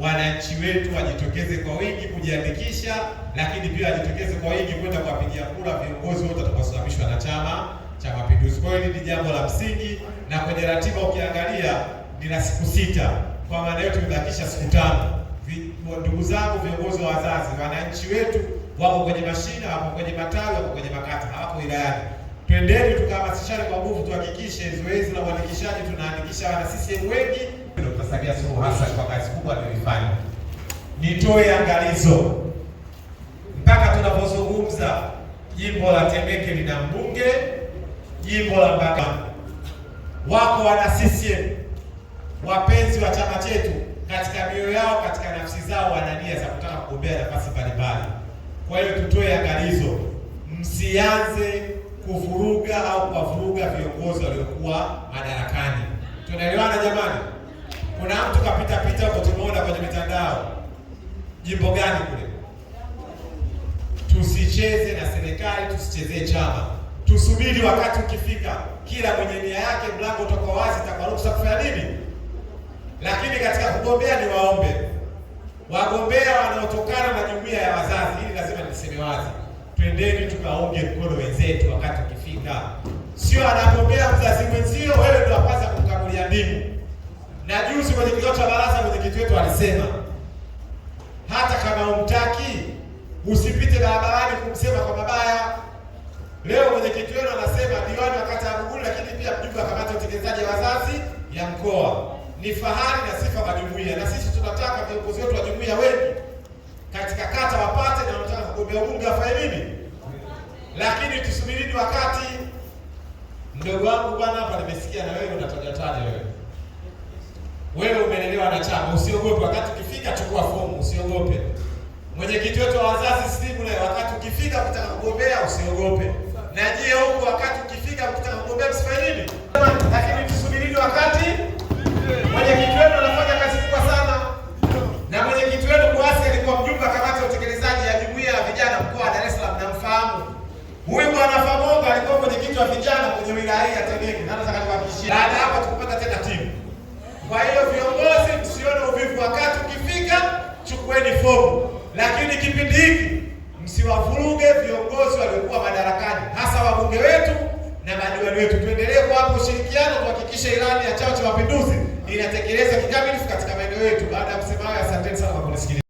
wananchi wetu wajitokeze kwa wingi kujiandikisha, lakini pia wajitokeze kwa wingi kwenda kuwapigia kura viongozi wote watakaosimamishwa na Chama cha Mapinduzi. Kwa hiyo ni jambo la msingi, na kwenye ratiba ukiangalia nina siku sita, kwa maana hiyo tumebakisha siku tano. Ndugu zangu viongozi wa wazazi, wananchi wetu wako kwenye mashina, wako kwenye matawi, wako kwenye makata, hawako wilayani. Twendeni tukahamasishane kwa nguvu, tuhakikishe zoezi la uandikishaji, tunaandikisha wana CCM wengi Samia Suluhu Hassan kwa kazi kubwa aliyoifanya. Nitoe angalizo, mpaka tunapozungumza jimbo la Temeke lina mbunge, jimbo la Mbaga wako wana CCM wapenzi wa chama chetu, katika mioyo yao, katika nafsi zao wana nia za kutaka kugombea nafasi mbalimbali. Kwa hiyo tutoe angalizo, msianze kuvuruga au kuwavuruga viongozi waliokuwa madarakani. Tunaelewana jamani? Kuna mtu kapita pita huko, tumeona kwenye mitandao, jimbo gani kule. Tusicheze na serikali, tusichezee chama, tusubiri wakati ukifika, kila mwenye nia yake, mlango utoka wazi, takaruksa kufanya nini. Lakini katika kugombea, ni waombe wagombea wanaotokana na jumuiya ya wazazi, hili lazima niseme wazi, twendeni tukaunge mkono wenzetu wakati ukifika, sio anagombea mzazi mwenzio, wewe ndio wapaza kumkamulia na juzi kwenye kikao cha baraza mwenyekiti wetu alisema hata kama umtaki usipite barabarani kumsema kwa mabaya. Leo mwenyekiti wenu anasema diwani wa kata ya Buguru, lakini pia mjumbe wa kamati ya utekelezaji wazazi ya mkoa. Ni fahari na sifa kwa jumuiya, na sisi tunataka viongozi wetu wa jumuiya wengi katika kata wapate, na wanataka kugombea ubunge wafanye nini? Lakini tusubirini wakati. Mdogo wangu bwana hapa, nimesikia na wewe unataja wewe wewe umelelewa na chama, usiogope. Wakati ukifika chukua fomu, usiogope. Mwenyekiti wetu wa wazazi Simule, wakati ukifika kutaka kugombea usiogope. Na je, huko wakati ukifika kutaka kugombea msifanye nini? Lakini tusubirini wakati mwenyekiti wetu anafanya kazi kubwa sana. Na mwenyekiti wetu Kuasi alikuwa mjumbe kamati ya utekelezaji ya jumuiya ya vijana mkoa wa Dar es Salaam, namfahamu. Huyu bwana Famonga alikuwa mwenyekiti wa vijana kwenye wilaya ya Temeke. Nataka nikuhakikishie. chao Chama cha Mapinduzi inatekeleza kikamilifu katika maeneo yetu. Baada ya kusema haya, asanteni sana kwa kunisikiliza.